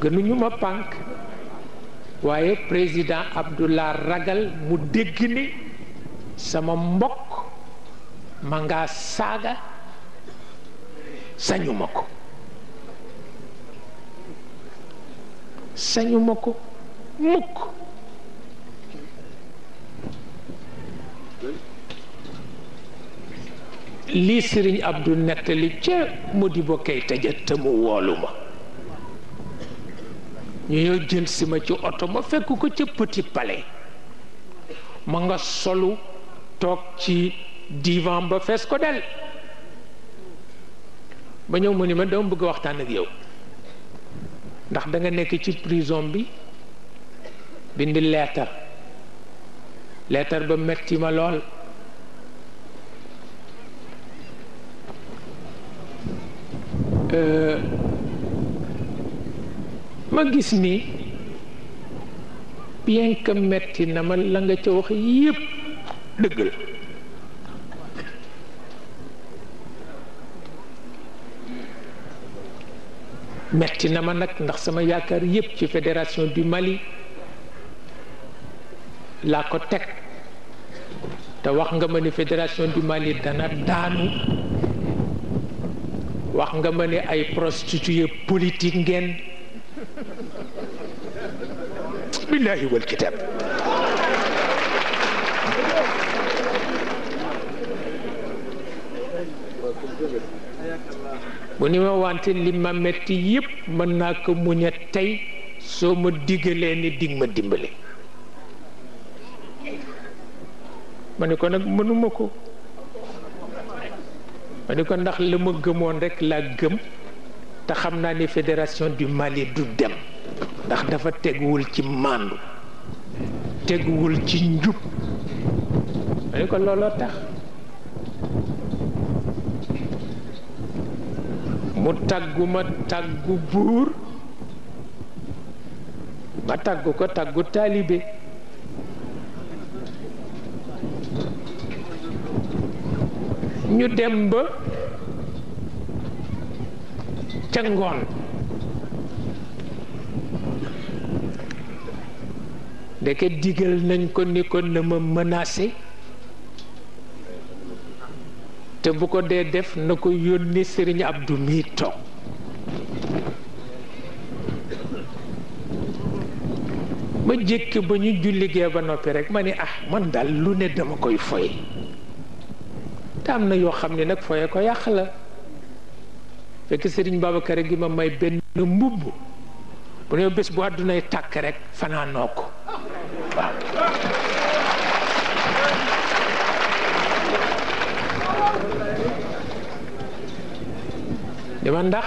gënuñu ma pànk waaye président Abdullah ragal mu dégg ni sama mbokk ma nga saaga sañuma ko sañuma ko mukk lii sëriñ Abdou nettali ca Modibo Keïta ja te mu woolu ma ñu ñëw jël si ma ci oto ma fekk ko ca Petit Palais ma nga solu toog ci divan ba fees ko del ba ñëw mu ni ma dama bëgg waxtaan ak yow ndax danga nekk ci prison bi bind leetar leetar ba metti ma lool euh, ma gis ni bien que metti na ma la nga ca wax yépp dëgg la metti na ma nag ndax sama yaakaar yépp ci fédération du Mali laa ko teg te wax nga ma ni fédération du Mali dana daanu wax nga ma ni ay prostituées politique ngeen بالله والكتاب mu ni ma wante li ma metti yépp mën naa ko muñ a tey soo ma diggalee ni dig ma dimbale ma ni ko nag mënuma ko ma ni ko ndax la ma gëmoon rekk laa gëm te xam naa ni fédération du Mali du dem ndax dafa teguwul ci màndu teguwul ci njub ma ko looloo tax mu tàgguma tàggu buur ma tàggu ko tàggu taalibe ñu dem ba ca ngoon ndeke digal nañ ko ni ko na ma menacé te bu ko dee def na ko yónni sëriñ ab mii toog ma jëkk ba ñu julligee ba noppi rek ma ni ah man daal lu ne dama koy foye te am na yoo xam ne nag foye ko yàq la fekk Serigne Babacar gi ma may benn mbubb bu ne bés bu àddunay tàkk rekk fanaanoo ko waaw dama ndax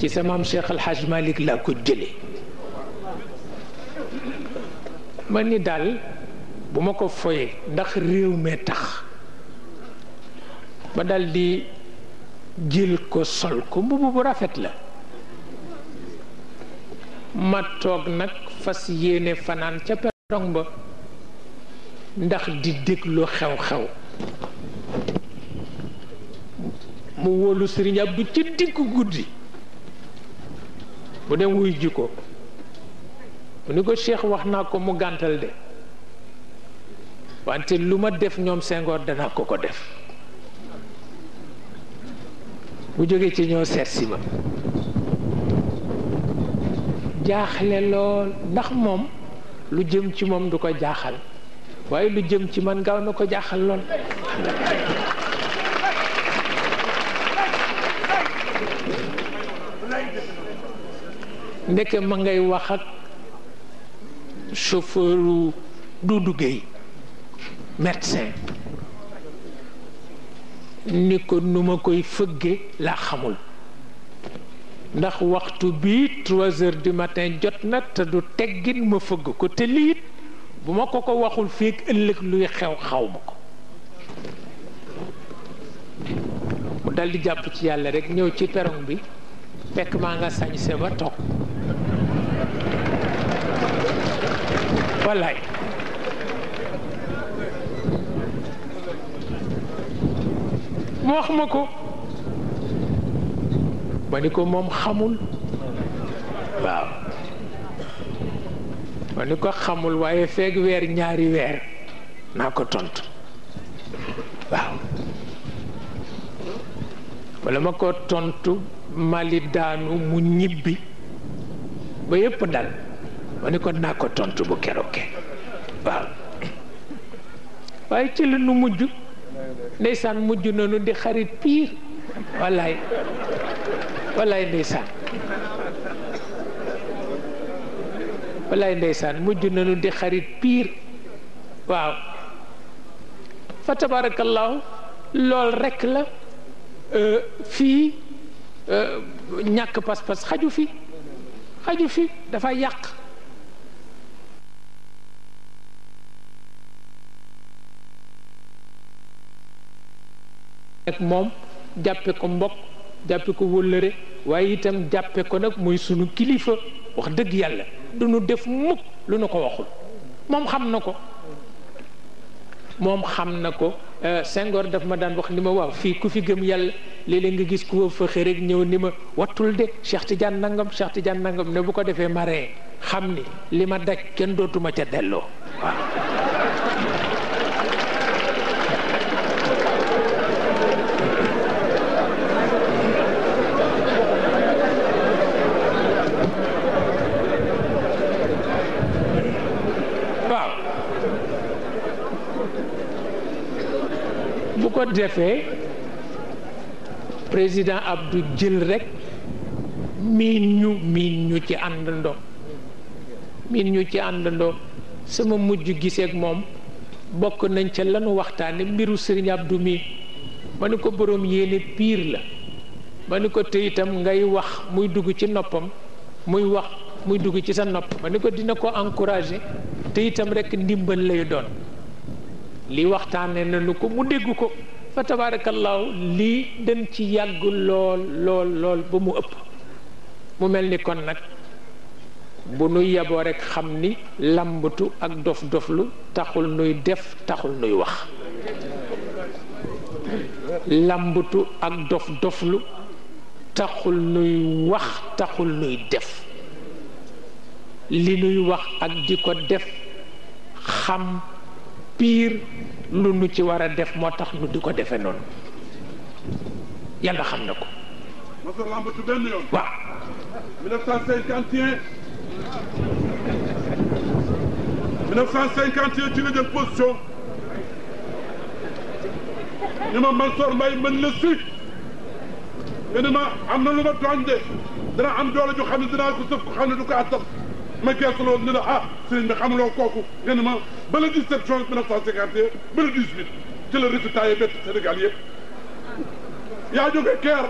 ci sama maam Cheikh Al Hadj laa ko jële ma ni daal bu ma ko foyee ndax réew mee tax ma daldi di jël ko sol ko mbubb bu rafet la ma toog nag fas yéene fanaan ca perong ba ndax di déglu xew-xew mu wóolu Sëriñ Abdu ci diggu guddi bu dem wuy ji ko mu ni ko Cheikh wax naa ko mu gàntal de wante lu ma def ñoom sengoor danaa ko ko def mu jóge ci ñoo seet si ma jaaxle lool ndax moom lu jëm ci moom du ko jaaxal waaye lu jëm ci man gaaw na ko jaaxal lool ndeke ma ngay wax ak du Doudou Gueye médecin ni ko nu ma koy fëgge laa xamul ndax waxtu bii trois heures du matin jot na te du teggin ma fëgg ko te liit bu ma ko ko waxul feeg ëllëg luy xew xaw ma ko mu daldi jàpp ci yàlla rek ñëw ci perong bi fekk maa nga sañse ba toog wallaay mu wax ma ko ma ni ko moom xamul waaw ma ni ko xamul waaye feeg weer ñaari weer naa ko tontu waaw wala ma ko tontu mali daanu mu ñibbi ba yépp dal ma ni ko naa ko tontu bu keroog waaw waaye ci la nu mujj ndeysaan mujj nanu di xarit piir wallaay wallaay ndeysaan wallaay ndeysaan mujj nañu di xarit piir waaw fa tabaarakallaahu lool rekk la euh, fii euh, ñàkk pas-pas xaju fi xaju fi dafa yàq ak moom jàppe ko mbokk jàppe ko wóllëre waaye itam jàppe ko nag muy sunu kilifa wax dëgg yàlla nu def mukk lu nu ko waxul moom xam na ko moom xam na ko euh, Senghor daf ma daan wax ni ma waaw fii ku fi gëm yàlla léeg nga gis ku fa xëy rek ñëw ni ma wattul de Cheikh Tidiane nangam ti Tidiane nangam ne bu ko defee ma xam ni li ma daj kenn dootuma ca delloo waaw ko defee président Abdou jël rekk miin ñu miin ñu ci àndandoo miin ñu ci àndandoo sama mujj giseek moom bokk nañ ca lanu waxtaane mbiru sëriñ Abdou mi ma ni ko boroom yéene piir la ma ni ko te itam ngay wax muy dugg ci noppam muy wax muy dugg ci sa nopp ma ni ko dina ko encourager te itam rekk ndimbal lay doon li waxtaane nañu ko mu dégg ko fa tabaarakallaahu lii dañ ci yàgg lool lool lool ba mu ëpp mu mel ni kon nag bu nu yeboo rekk xam ni làmbatu ak dof doflu taxul nuy def taxul nuy wax làmbtu ak dof doflu taxul nuy wax taxul nuy def li nuy wax ak di ko def xam pire lu nu ci war a def moo tax nu di ko defe noonu yàlla xam na ko masa lambatu benn yoon waaw 1951 1951 ci la jël position ni ma Mansour Mbaye mën la si nga ni ma am na lu ma tooñ de dana am doole ju xam ne dinaa ko sëf ko xam ne du ko attan ma gerte loolu ñu ne ah sëriñ bi xamuloo kooku nga ne ma ba le 17 juin 1951 ba le 18 ci la résultat yi bett Sénégal yëpp yaa jógee Caire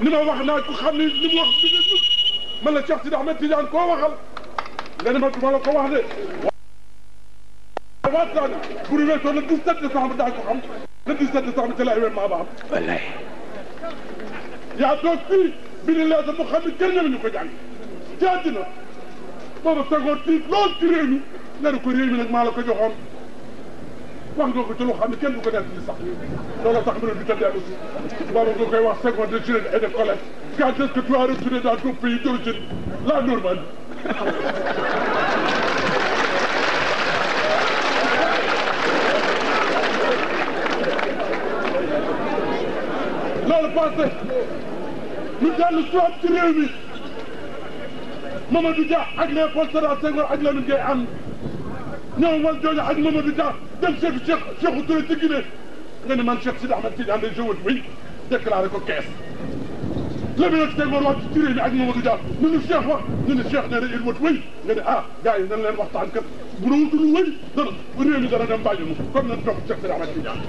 ni ma wax naa ko xam ni li mu wax bi nga dugg man la Cheikh Sidi Ahmed Tidiane koo waxal nga ne ma du ma la ko wax de. waaw waaw bu ñu weesoo le 17 décembre daa ko xam le 17 décembre ci la événement ba am. wallaay. yaa toog fii bi ni leetar bu xam ni kenn ñu ko jàng. ci àddina booba Senghor tiit lool ci réew mi nee na ko réew mi nag maa la ko joxoon wax nga ko ci loo xam ne kenn du ko nekk ci sax loolu tax mu ne du tëddee aussi booba nga koy wax Senghor de Chine et de Colette quand est-ce que tu as retourné dans ton pays d'origine la Normandie loolu passé ñu dellu soit ci réew mi Mamadou Dia ak Léopold Sédar Senghor ak Lamine Gueye ànd ñoom wal jooju ak Mamadou Dia dem seetu Cheikh Cheikh Touré ci Guinée nga ne man Cheikh Sidi Ahmed Tidiane day jëwal wéy déclaré ko kees la mi nag Senghor wax ci turé mi ak Mamadou Dia ñu ne Cheikh wax ñu ne Cheikh nee na il wët wéy nga ne ah gars yi nañ leen waxtaan kat bu dawul dul wéy dana réew mi dana dem bàyyi mu comme nañ topp Cheikh Sidi Ahmed Tidiane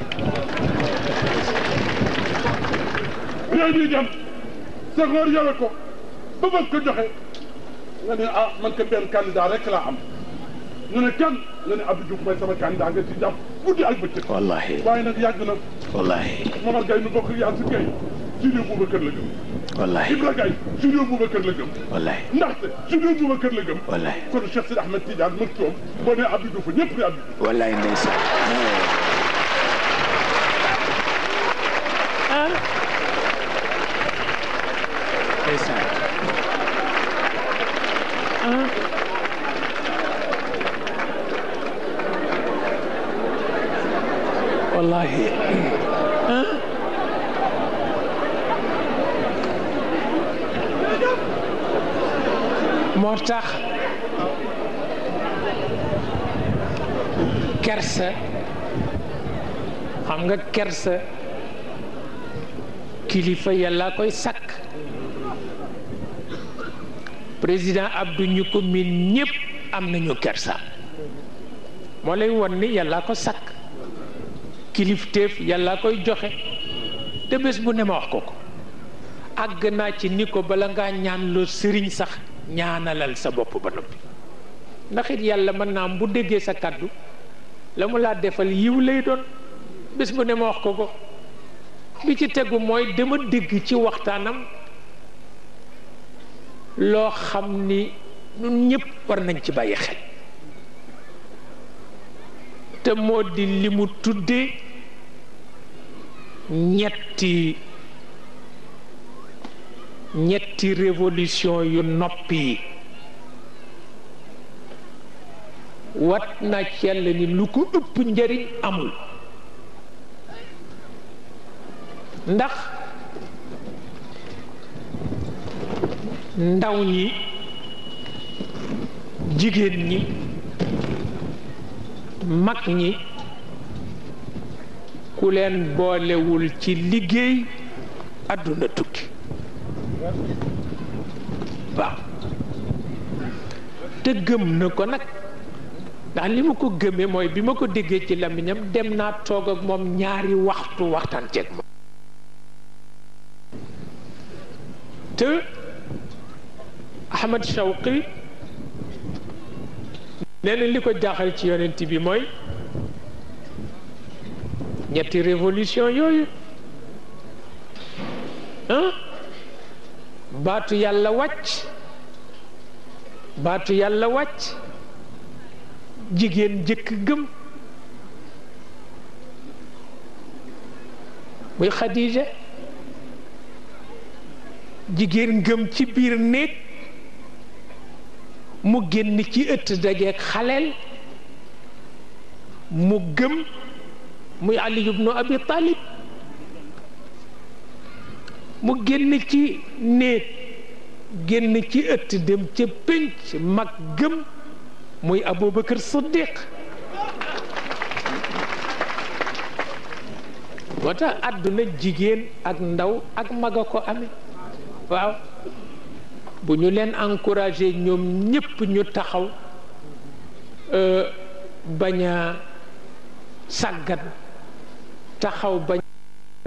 réew mi dem Senghor yore ko ba bëgg ko joxe nga ne ah man ko benn candidat rek laa am ñu ne kan nga ne Abdou Diouf mooy sama candidat nga ci jàpp guddi ak bëccëg. wallaahi waaye nag yàgg na. wallaahi Momar Gaye nu bokk yaa si kay Sidy Boubacar la gëm. wallaahi Ibra Gaye Sidy Boubacar la gëm. wallaahi ndaxte Sidy Boubacar la gëm. wallaahi kon Cheikh Sidi Ahmed Tidiane mag toom boo nee Abdou Diouf ñëpp ne Abdou Diouf. wallaahi ndeysaan. Jason. Ah. nga kersa kilifa yàlla koy sàkk président Abdou ñu ko miin ñépp am nañu kersa moo lay won ni yàlla ko sàkk kilifteef yàlla koy joxe te bu ne ma wax ko ko àgg naa ci ni ko bala ngaa ñaan loo sëriñ sax ñaanalal sa bopp ba noppi ndax yàlla mën naa bu déggee sa kàddu la mu laa defal yiw lay doon bés bu ne ma wax ko ko bi ci tegu mooy dama dégg ci waxtaanam loo xam ni ñun ñëpp war nañ ci bàyyi xel te moo di li mu tuddee ñetti ñetti révolution yu noppi yi wat na ci ni lu ko ëpp njariñ amul ndax ndaw ñi jigéen ñi mag ñi ku leen boolewul ci liggéey àdduna tukki te gëm na ko nag ndax li ma ko gëmee mooy bi ma ko déggee ci làmmiñam dem naa toog ak moom ñaari waxtu waxtaan ceeg moom te Ahmad Shawqi nee na li ko jaaxal ci yonent bi mooy ñetti révolution yooyu ah baatu yàlla wàcc baatu yàlla wàcc jigéen jëkk gëm muy Xadija jigéen ngëm ci biir néeg mu génn ci ëtt dajeeg xaleel mu gëm muy Ali ibnu Abi mu génn ci néet génn ci ëtt dem ca pénc mag gëm muy Aboubacar Siddiq moo tax àdduna jigéen ak ndaw ak mag a ko amee waaw bu ñu leen encouragé ñoom ñépp ñu taxaw euh, bañ a sàggat taxaw bañ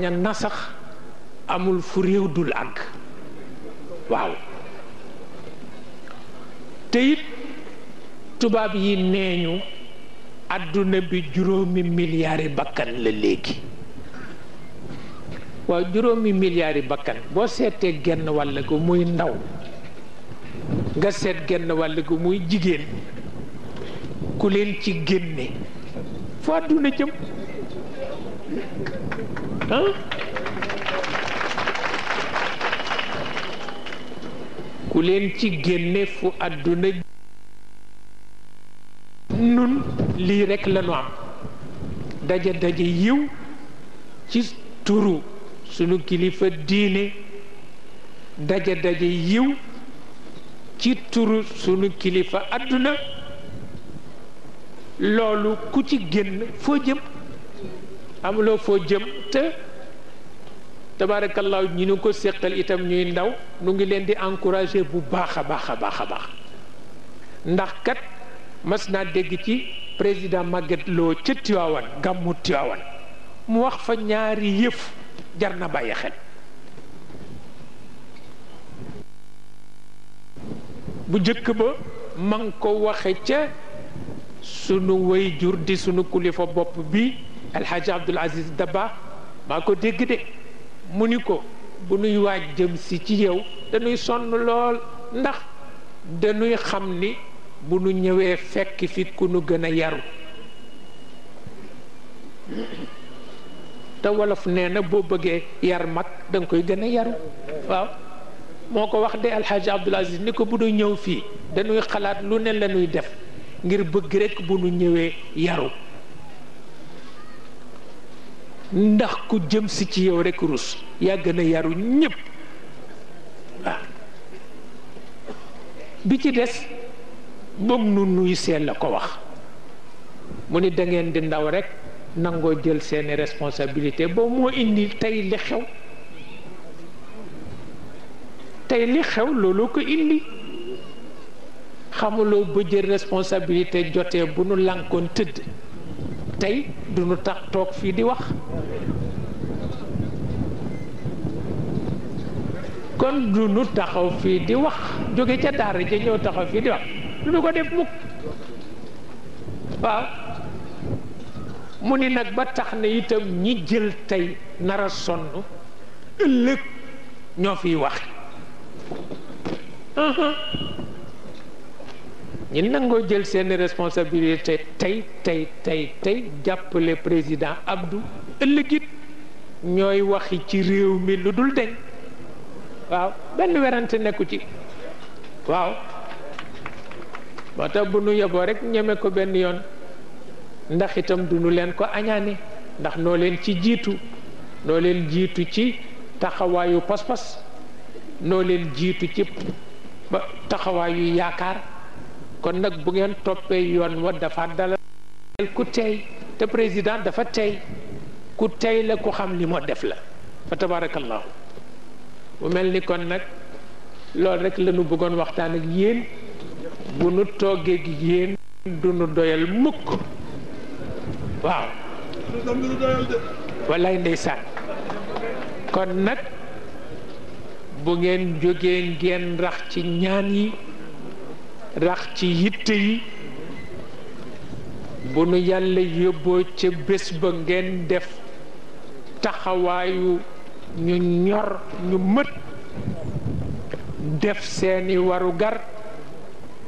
a nasax amul fu réew dul àgg waaw te tubaab yi nee ñu àdduna bi juróomi milliards bakkan la léegi waaw juróomi milliards yi bakkan boo seetee genn wàll gu muy ndaw nga seet genn wàll gu muy jigéen ku leen ci génne foo àdduna jëm ku leen ci génne fu àdduna nun lii rekk la am daje daje yiw ci turu sunu kilifa diine daja daje yiw ci turu sunu kilifa àdduna loolu ku ci génn foo jëm amuloo foo jëm te tabaarakallaahu ñi nu ko séqal itam ñuy ndaw nu ngi leen di encouragé bu baax a baax a baax a baax ndax kat mas naa dégg ci président Maguette loo ca Tiwaawan gàmmu Tiwaawan mu wax fa ñaari yëf jar na bàyyi xel bu jëkk ba ma ko waxe ca sunu way jur di sunu kilifa bopp bi alxaaji abdul aziz daba maa ko dégg de mu ni ko bu nuy waaj jëm si ci yow danuy sonn lool ndax dañuy xam ni bu nu ñëwee fekk fi ku nu gëna a yaru te wolof nee na boo bëggee yar mag da koy gën a yaru waaw moo ko wax de alxaaji Abdul Aziz ni ko bu nu ñëw fii dañuy xalaat lu ne la ñuy def ngir bëgg rekk bu nu ñëwee yaru ndax ku jëm si ci yow rekk rus yaa gën yaru ñépp waaw bi ci des moom nu nuy seen la ko wax mu ni dangeen ngeen di ndaw rekk nangoo jël seeni responsabilité ba moo indi tey li xew tey li xew looloo ko indi xamuloo ba jël responsabilité jotee bu nu lànkoon tëdd tey du nu tax toog fii di wax kon du nu taxaw fii di wax jóge ca daara ja ñëw taxaw fii di wax du nu ko def mukk waaw mu ni nag ba tax na itam ñi jël tey nara sonn ëllëg ñoo fiy wax ñi nangoo jël seeni responsabilité tey tey tey tey jàppale président Abdou ëllëg it ñooy waxi ci réew mi lu dul deñ waaw benn werante nekku ci waaw moo bu nu yeboo rek ñeme ko benn yoon ndax itam du nu leen ko añaane ndax noo leen ci jiitu noo leen jiitu ci taxawaayu pas-pas noo leen jiitu ci taxawaayu yaakaar kon nag bu ngeen toppee yoon wa dafa dalal ku tey te président dafa tey ku tey la ku xam li moo def la fa tabarakallahu mu mel ni kon nag loolu rek lanu bëggoon waxtaan ak yéen bu nu toogee ak yéen du nu doyal mukk waaw wallaay ndeysaan kon nag bu ngeen jógee ngeen rax ci ñaan yi rax ci yitte yi bu nu yàlla yóbboo ca bés ba ngeen def taxawaayu ñu ñor ñu mët def seeni warugar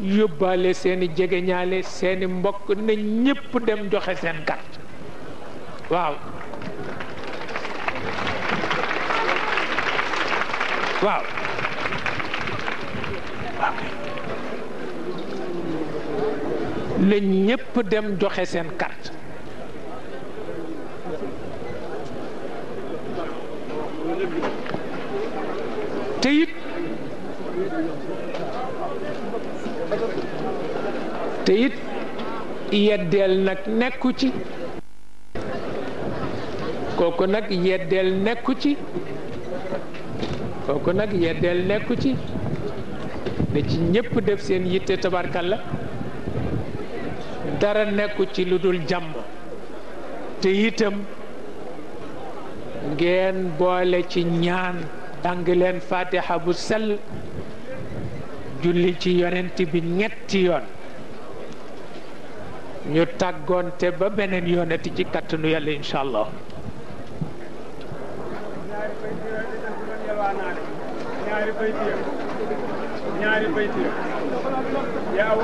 yóbbaale seeni jegeñaale seeni mbokk na ñépp dem joxe seen kart waaw waaw ñépp dem joxe seen carte te it yeddeel nag nekku ci kooku nag yeddeel nekku ci kooku nag yeddeel nekku ci ci ñépp def seen yitte la dara nekku ci lu dul jàmm te itam ngeen boole ci ñaan jàng leen fatiha bu sell julli ci yonent bi ñetti yoon ñu te ba beneen yoonati ci kattanu yàlla incha allah ñaari baytiya ñaari baytiya